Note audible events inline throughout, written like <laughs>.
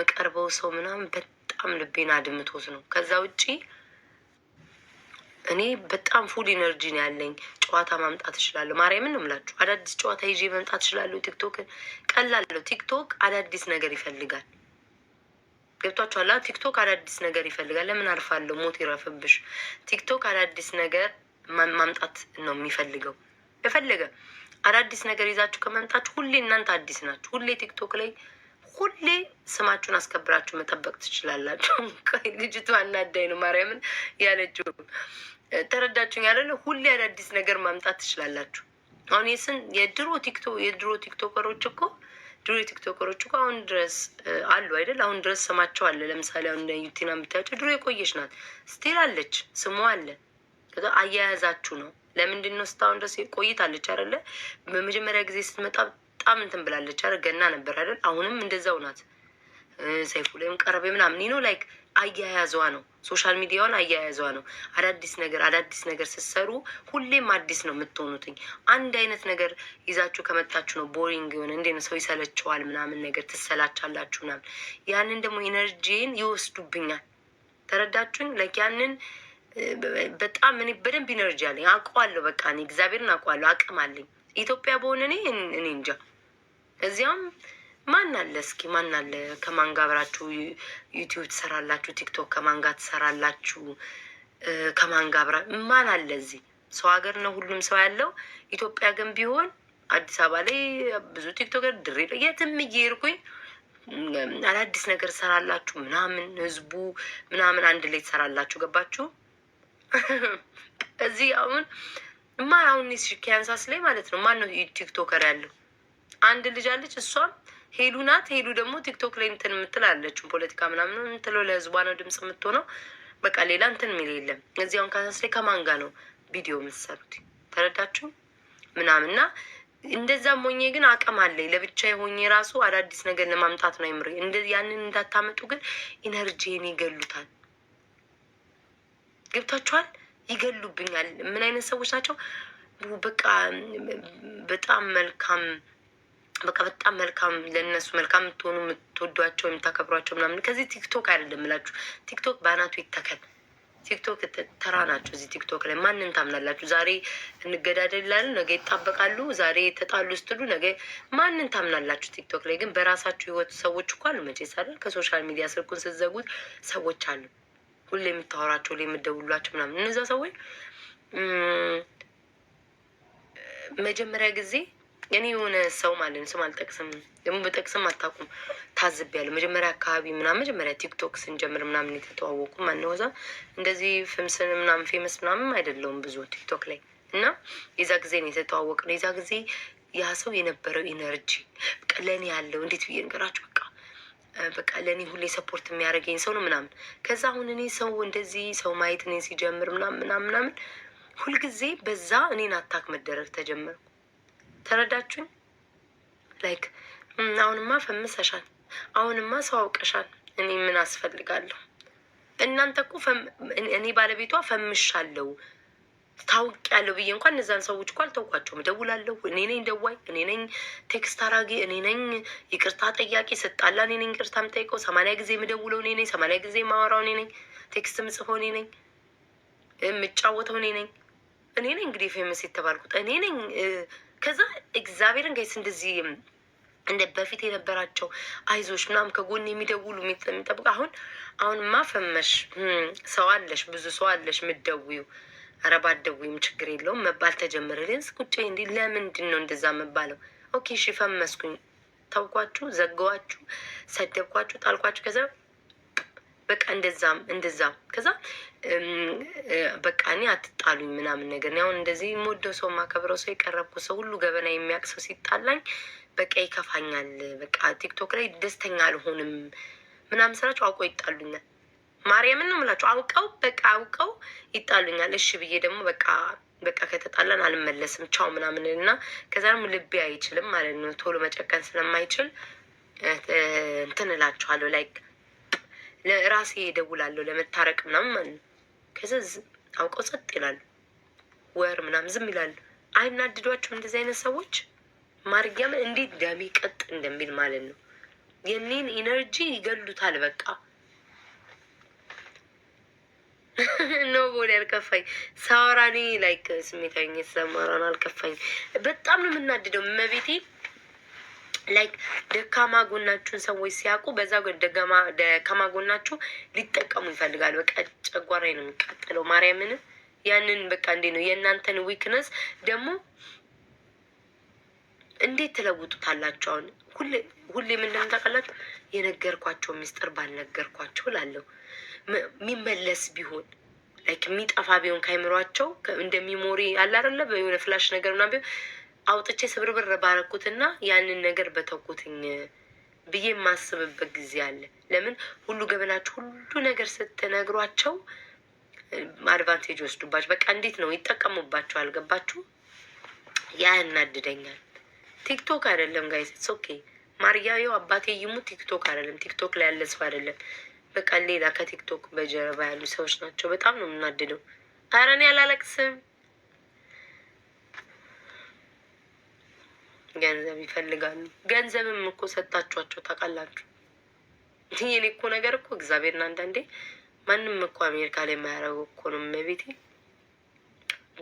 የምቀርበው ሰው ምናምን በጣም ልቤን አድምቶት ነው። ከዛ ውጪ እኔ በጣም ፉል ኢነርጂ ነው ያለኝ። ጨዋታ ማምጣት እችላለሁ። ማርያምን ነው የምላችሁ። አዳዲስ ጨዋታ ይዤ መምጣት እችላለሁ። ቲክቶክ ቀላለሁ። ቲክቶክ አዳዲስ ነገር ይፈልጋል። ገብቷችኋል? ቲክቶክ አዳዲስ ነገር ይፈልጋል። ለምን አርፋለሁ? ሞት ይረፍብሽ። ቲክቶክ አዳዲስ ነገር ማምጣት ነው የሚፈልገው። የፈለገ አዳዲስ ነገር ይዛችሁ ከመምጣችሁ ሁሌ እናንተ አዲስ ናችሁ። ሁሌ ቲክቶክ ላይ ሁሌ ስማችሁን አስከብራችሁ መጠበቅ ትችላላችሁ። <laughs> ልጅቱ አናዳኝ ነው ማርያምን ያለችው ተረዳችሁኝ? ያለ ሁሌ አዳዲስ ነገር ማምጣት ትችላላችሁ። አሁን የስን የድሮ ቲክቶ የድሮ ቲክቶከሮች እኮ ድሮ የቲክቶከሮች እኮ አሁን ድረስ አሉ አይደል? አሁን ድረስ ስማቸው አለ። ለምሳሌ አሁን ዩቲና የምታያቸው ድሮ የቆየች ናት፣ ስቴል አለች፣ ስሙ አለ። አያያዛችሁ ነው። ለምንድን ነው ስታሁን ድረስ ቆይታለች አይደለ? በመጀመሪያ ጊዜ ስትመጣ በጣም እንትን ብላለች። አረ ገና ነበር አይደል? አሁንም እንደዛው ናት። ሰይፉ ላይም ቀረበ ምናምን ይኖ ላይክ አያያዟ ነው። ሶሻል ሚዲያውን አያያዟ ነው። አዳዲስ ነገር አዳዲስ ነገር ስትሰሩ ሁሌም አዲስ ነው የምትሆኑትኝ። አንድ አይነት ነገር ይዛችሁ ከመጣችሁ ነው ቦሪንግ የሆነ እንዴ ነው ሰው ይሰለችዋል ምናምን ነገር ትሰላቻላችሁ ምናምን። ያንን ደግሞ ኤነርጂን ይወስዱብኛል። ተረዳችሁኝ? ላይክ ያንን በጣም እኔ በደንብ ኢነርጂ አለኝ አውቀዋለሁ። በቃ እኔ እግዚአብሔርን አውቀዋለሁ። አቅም አለኝ ኢትዮጵያ በሆነ እኔ እኔ እንጃ እዚያም ማን አለ እስኪ ማን አለ ከማን ጋር አብራችሁ ዩቲዩብ ትሰራላችሁ? ቲክቶክ ከማን ጋር ትሰራላችሁ? ከማን ጋር ማን አለ? እዚህ ሰው ሀገር ነው ሁሉም ሰው ያለው። ኢትዮጵያ ግን ቢሆን አዲስ አበባ ላይ ብዙ ቲክቶከር ድሬ የትም እየሄድኩኝ አዳዲስ ነገር ትሰራላችሁ ምናምን ህዝቡ ምናምን አንድ ላይ ትሰራላችሁ። ገባችሁ? <laughs> እዚህ አሁን ማን አሁን ኪያንሳስ ላይ ማለት ነው ማን ነው ቲክቶከር ያለው? አንድ ልጅ አለች። እሷም ሄሉ ናት። ሄሉ ደግሞ ቲክቶክ ላይ እንትን የምትል አለችም ፖለቲካ ምናምን የምትለው ለህዝቧ ነው ድምፅ የምትሆነው። በቃ ሌላ እንትን የሚል የለም። እዚያውን ካሳስ ላይ ከማን ጋር ነው ቪዲዮ የምትሰሩት? ተረዳችሁ ምናምን እና እንደዛም ሆኜ ግን አቅም አለኝ ለብቻ የሆኜ ራሱ አዳዲስ ነገር ለማምጣት ነው የምር። ያንን እንዳታመጡ ግን ኢነርጂን ይገሉታል። ገብታችኋል? ይገሉብኛል። ምን አይነት ሰዎች ናቸው? በቃ በጣም መልካም በቃ በጣም መልካም ለነሱ መልካም የምትሆኑ የምትወዷቸው የምታከብሯቸው ምናምን። ከዚህ ቲክቶክ አይደለም ላችሁ ቲክቶክ በአናቱ ይተከል። ቲክቶክ ተራ ናቸው። እዚህ ቲክቶክ ላይ ማንን ታምናላችሁ? ዛሬ እንገዳደል ይላሉ፣ ነገ ይጣበቃሉ። ዛሬ ተጣሉ ስትሉ ነገ ማንን ታምናላችሁ? ቲክቶክ ላይ ግን በራሳችሁ ህይወት ሰዎች እኮ አሉ። መቼ ይሳላል ከሶሻል ሚዲያ ስልኩን ስትዘጉት ሰዎች አሉ። ሁሌ የምታወራቸው ሁሌ የምደውሏቸው ምናምን እነዛ ሰዎች መጀመሪያ ጊዜ የኔ የሆነ ሰው ማለት ስም አልጠቅስም፣ ደግሞ በጠቅስም አታውቁም። ታዝቤያለሁ። መጀመሪያ አካባቢ ምናምን መጀመሪያ ቲክቶክ ስንጀምር ምናምን የተተዋወቁ ማንወዛ እንደዚህ ፍምስን ምናምን ፌመስ ምናምን አይደለውም ብዙ ቲክቶክ ላይ እና የዛ ጊዜ ነው የተተዋወቅ ነው። የዛ ጊዜ ያ ሰው የነበረው ኢነርጂ ቀለን ያለው እንዴት ብዬ ንገራችሁ በቃ በቃ ለእኔ ሁሌ ሰፖርት የሚያደርገኝ ሰው ነው ምናምን። ከዛ አሁን እኔ ሰው እንደዚህ ሰው ማየት እኔ ሲጀምር ምናምን ምናምን ምናምን ሁልጊዜ በዛ እኔን አታክ መደረግ ተጀመርኩ። ተረዳችሁኝ? ላይክ አሁንማ ፈምሰሻል፣ አሁንማ ሰው አውቀሻል። እኔ ምን አስፈልጋለሁ? እናንተ እኮ እኔ ባለቤቷ ፈምሻለሁ ታውቅ ያለው ብዬ እንኳን እነዛን ሰዎች እኮ አልተውኳቸውም። እደውላለሁ። እኔ ነኝ ደዋይ፣ እኔ ነኝ ቴክስት አራጊ፣ እኔ ነኝ ይቅርታ ጠያቂ። ስጣላ እኔ ነኝ ይቅርታ የምጠይቀው። ሰማንያ ጊዜ የምደውለው እኔ ነኝ። ሰማንያ ጊዜ የማወራው እኔ ነኝ። ቴክስት ምጽፈው እኔ ነኝ። የምጫወተው እኔ ነኝ። እኔ ነኝ እንግዲህ ፌመስ የተባልኩት እኔ ነኝ። ከዛ እግዚአብሔርን ጋይስ እንደዚህ እንደ በፊት የነበራቸው አይዞች ምናምን ከጎን የሚደውሉ የሚጠብቁ አሁን አሁን ማፈመሽ ሰው አለሽ፣ ብዙ ሰው አለሽ ምደውዩ ኧረ ባትደውይም ችግር የለውም መባል ተጀመረ። ሌንስ ቁጭ እንዲ ለምንድን ነው እንደዛ መባለው? ኦኬ እሺ ፈመስኩኝ፣ ታውኳችሁ፣ ዘገዋችሁ፣ ሰደብኳችሁ፣ ጣልኳችሁ ከዛ በቃ እንደዛም እንደዛም ከዛ በቃ እኔ አትጣሉኝ ምናምን ነገር አሁን እንደዚህ የምወደው ሰው ማከብረው ሰው የቀረብኩ ሰው ሁሉ ገበና የሚያውቅ ሰው ሲጣላኝ በቃ ይከፋኛል። በቃ ቲክቶክ ላይ ደስተኛ አልሆንም ምናምን ስራቸው አውቀው ይጣሉኛል። ማርያምን ነው የምላቸው አውቀው በቃ አውቀው ይጣሉኛል። እሺ ብዬ ደግሞ በቃ በቃ ከተጣላን አልመለስም ቻው ምናምን እና ከዛ ደግሞ ልቤ አይችልም ማለት ነው ቶሎ መጨቀን ስለማይችል እንትን እላቸዋለሁ ላይክ ለራሴ እደውላለሁ ለመታረቅ ምናምን ማለት ነው። ከዚ አውቀው ጸጥ ይላሉ፣ ወር ምናምን ዝም ይላሉ። አይናድዷቸውም እንደዚህ አይነት ሰዎች ማርያምን እንዴት ደሜ ቀጥ እንደሚል ማለት ነው። የኔን ኢነርጂ ይገሉታል። በቃ ኖ ቦዲ አልከፋኝ፣ ሳወራ ላይክ ስሜታዊ የተሰማራን አልከፋኝ። በጣም ነው የምናድደው መቤቴ ላይክ ደካማ ጎናችሁን ሰዎች ሲያውቁ በዛ ደካማ ጎናችሁ ሊጠቀሙ ይፈልጋሉ በቃ ጨጓራዬ ነው የሚቃጠለው ማርያምን። ያንን በቃ እንዴ ነው የእናንተን ዊክነስ ደግሞ እንዴት ትለውጡታላችሁ? አሁን ሁሌ ሁሌ የነገርኳቸው ሚስጥር ባልነገርኳቸው ላለው የሚመለስ ቢሆን ላይክ የሚጠፋ ቢሆን ከአይምሯቸው እንደሚሞሪ አላረለ የሆነ ፍላሽ ነገር ምናምን ቢሆን አውጥቼ ስብርብር ባረኩትና ያንን ነገር በተኩትኝ ብዬ የማስብበት ጊዜ አለ። ለምን ሁሉ ገበናችሁ ሁሉ ነገር ስትነግሯቸው አድቫንቴጅ ወስዱባቸው። በቃ እንዴት ነው ይጠቀሙባቸው። አልገባችሁ? ያ ያናድደኛል። ቲክቶክ አይደለም ጋይስ ኦኬ። ማርያየው አባቴ ይሙት ቲክቶክ አይደለም። ቲክቶክ ላይ ያለ ሰው አይደለም። በቃ ሌላ ከቲክቶክ በጀርባ ያሉ ሰዎች ናቸው። በጣም ነው የምናድደው። አረ እኔ አላለቅስም። ገንዘብ ይፈልጋሉ። ገንዘብም እኮ ሰጣችኋቸው ታውቃላችሁ። የኔ እኮ ነገር እኮ እግዚአብሔርን አንዳንዴ ማንም እኮ አሜሪካ ላይ የማያደርገው እኮ ነው መቤቴ።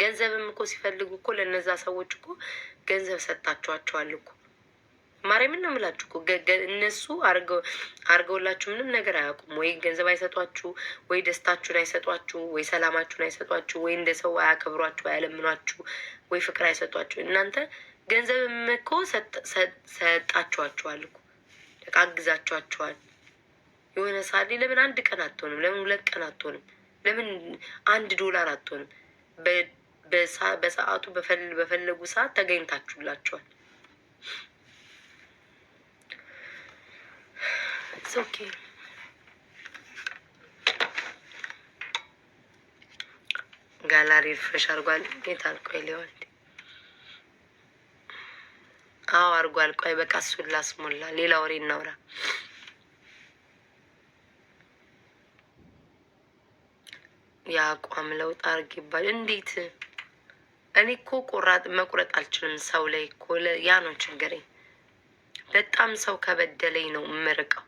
ገንዘብም እኮ ሲፈልጉ እኮ ለእነዛ ሰዎች እኮ ገንዘብ ሰጣችኋቸዋል እኮ ማርያምን ነው የምላችሁ እኮ እነሱ አርገውላችሁ ምንም ነገር አያውቁም። ወይ ገንዘብ አይሰጧችሁ፣ ወይ ደስታችሁን አይሰጧችሁ፣ ወይ ሰላማችሁን አይሰጧችሁ፣ ወይ እንደ ሰው አያከብሯችሁ፣ አያለምኗችሁ፣ ወይ ፍቅር አይሰጧችሁ እናንተ ገንዘብም እኮ ሰጣችኋቸዋል እኮ በቃ አግዛችኋቸዋል። የሆነ ሳሊ ለምን አንድ ቀን አትሆንም? ለምን ሁለት ቀን አትሆንም? ለምን አንድ ዶላር አትሆንም? በሰዓቱ በፈለጉ ሰዓት ተገኝታችሁላቸዋል። ኦኬ ጋላሪ ፍሬሽ አድርጓል። ጌታ አልቆ ሊሆን አዎ አርጓል። ቆይ በቃ እሱን ላስሞላ፣ ሌላ ወሬ እናውራ። የአቋም ለውጥ አርግ ይባል እንዴት? እኔ እኮ ቆራጥ መቁረጥ አልችልም ሰው ላይ እኮ ያ ነው ችግሬ። በጣም ሰው ከበደለኝ ነው የምርቀው።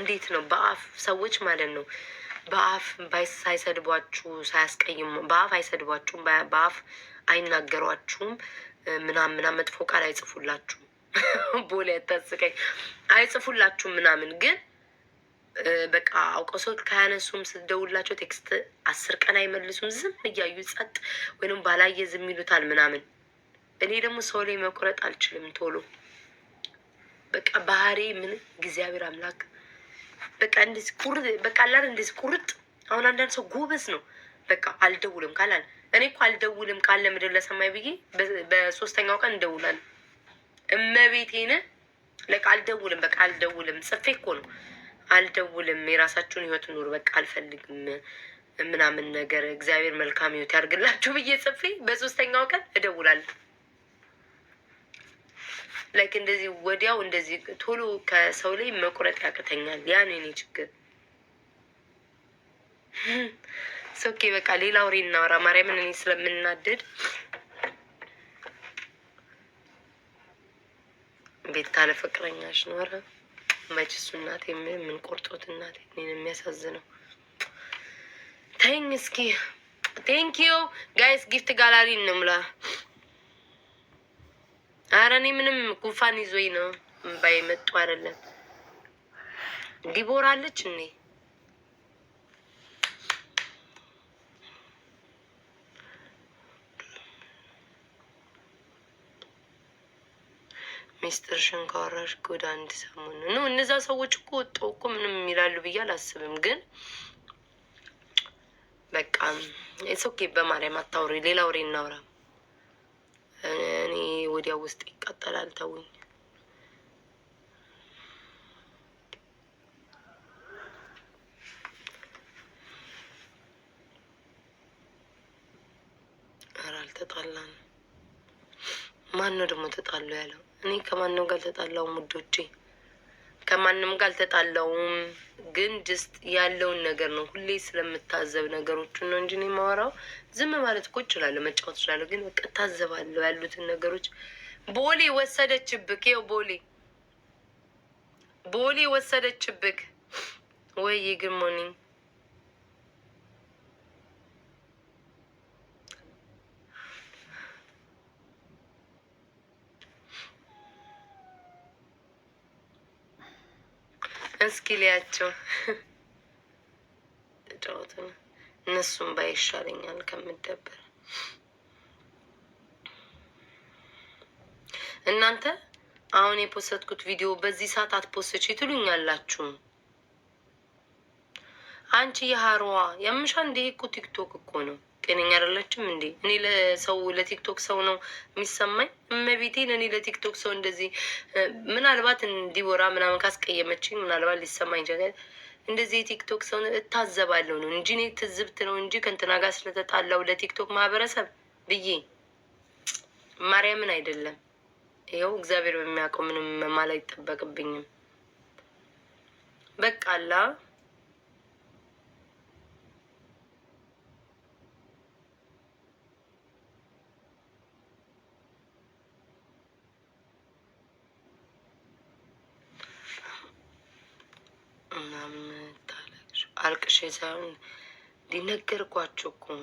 እንዴት ነው በአፍ ሰዎች ማለት ነው በአፍ ሳይሰድቧችሁ ሳያስቀይሙ በአፍ አይሰድቧችሁም በአፍ አይናገሯችሁም፣ ምናምን ምናምን መጥፎ ቃል አይጽፉላችሁም። <laughs> ቦሌ ያታስቀኝ አይጽፉላችሁም ምናምን ግን በቃ አውቀው ሰው ካያነሱም ስትደውላቸው ቴክስት አስር ቀን አይመልሱም። ዝም እያዩ ጸጥ ወይም ባላየ ዝም ይሉታል ምናምን። እኔ ደግሞ ሰው ላይ መቁረጥ አልችልም ቶሎ በቃ ባህሪ ምን እግዚአብሔር አምላክ በቃ እንደዚህ ቁርጥ በቃ አላር እንደዚህ ቁርጥ። አሁን አንዳንድ ሰው ጎበዝ ነው በቃ አልደውልም ካላል እኔ እኮ አልደውልም ካለ ምድር ለሰማይ ብዬ በሶስተኛው ቀን እንደውላል። እመቤቴን ለቃ አልደውልም፣ በቃ አልደውልም። ጽፌ እኮ ነው አልደውልም። የራሳችሁን ህይወት ኑር፣ በቃ አልፈልግም ምናምን ነገር እግዚአብሔር መልካም ህይወት ያርግላችሁ ብዬ ጽፌ በሶስተኛው ቀን እደውላል። ላይክ እንደዚህ ወዲያው እንደዚህ ቶሎ ከሰው ላይ መቁረጥ ያቅተኛል። ያን የኔ ችግር ሶኬ በቃ ሌላ ወሬ እናወራ። ማርያምን እኔ ስለምናደድ ቤት ካለ ፍቅረኛሽ ኖረ መች እሱ እናቴ ቆርጦት እናቴ እኔን የሚያሳዝነው ተይኝ እስኪ። ቴንክ ዩ ጋይስ ጊፍት ጋላሪ እንምላ። አረ እኔ ምንም ጉንፋን ይዞኝ ነው እምባዬ መጡ አይደለም ዲቦራለች እኔ ሚስጥር ሽንካራሽ ጉድ አንድ ሰሞን ነው። እነዛ ሰዎች እኮ ወጡ እኮ ምንም ይላሉ ብዬ አላስብም። ግን በቃ ኦኬ፣ በማርያም አታውሪ፣ ሌላ ወሬ እናውራ። እኔ ወዲያ ውስጥ ይቃጠላል። ተውኝ። ኧረ ማን ነው ደግሞ ተጣሉ ያለው? እኔ ከማንም ጋር አልተጣላውም ውዶቼ፣ ከማንም ጋር አልተጣላውም። ግን ጅስት ያለውን ነገር ነው ሁሌ ስለምታዘብ ነገሮችን ነው እንጂ ማወራው ዝም ማለት እኮ እችላለሁ፣ መጫወት እችላለሁ። ግን በቃ እታዘባለሁ ያሉትን ነገሮች። ቦሌ ወሰደችብክ፣ ይኸው ቦሌ ቦሌ ወሰደችብክ። ወይ ጉድ ሞርኒንግ እስኪ ሊያቸው ተጫወቱ ነው። እነሱም ባይሻለኛል ከምደበር እናንተ አሁን የፖሰትኩት ቪዲዮ በዚህ ሰዓት አትፖስች ትሉኛላችሁ። አንቺ የሀሮዋ የምሻ እንደ ቲክቶክ እኮ ነው። ጤነኛ አይደለችም እንዴ? እኔ ለሰው ለቲክቶክ ሰው ነው የሚሰማኝ። እመቤቴን እኔ ለቲክቶክ ሰው እንደዚህ ምናልባት እንዲወራ ምናምን ካስቀየመችኝ ምናልባት ሊሰማኝ ይችላል። እንደዚህ የቲክቶክ ሰው እታዘባለሁ ነው እንጂ እኔ ትዝብት ነው እንጂ ከእንትና ጋር ስለተጣላው ለቲክቶክ ማህበረሰብ ብዬ ማርያምን አይደለም። ይኸው እግዚአብሔር በሚያውቀው ምንም መማል አይጠበቅብኝም። በቃላ? ምናምን የምታለቅሽው አልቅሽ ሳይሆን ሊነገርኳቸው እኮ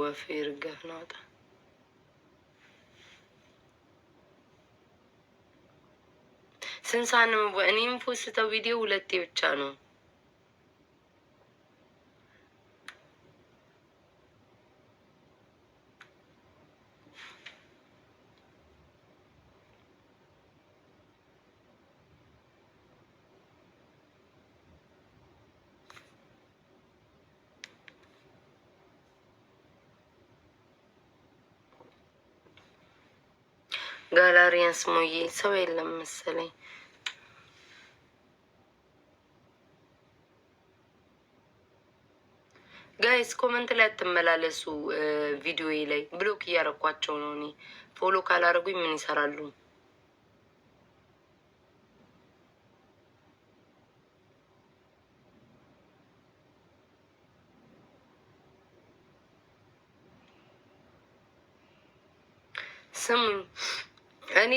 ወፌ ርገፍ ናውጣ ስንሳንም እኔም ፖስተው ቪዲዮ ሁለቴ ብቻ ነው ጋላሪያንስ ሞዬ ሰው የለም መሰለኝ። ጋይስ ኮመንት ላይ አትመላለሱ። ቪዲዮ ላይ ብሎክ እያረኳቸው ነው እኔ። ፎሎ ካላረጉኝ ምን ይሰራሉ?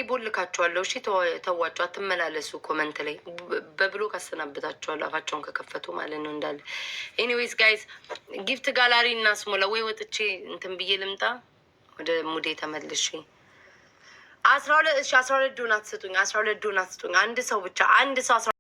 ቦል ልካቸዋለሁ። እሺ ተዋጩ፣ አትመላለሱ። ኮመንት ላይ በብሎክ አሰናብታቸዋለሁ፣ አፋቸውን ከከፈቱ ማለት ነው እንዳለ። ኤኒዌይስ ጋይስ ጊፍት ጋላሪ እና ስሞላ ወይ ወጥቼ እንትን ብዬ ልምጣ ወደ ሙዴ ተመልሽ። አስራ ሁለት እሺ፣ አስራ ሁለት ዶናት ስጡኝ፣ አስራ ሁለት ዶናት ስጡኝ። አንድ ሰው ብቻ አንድ ሰው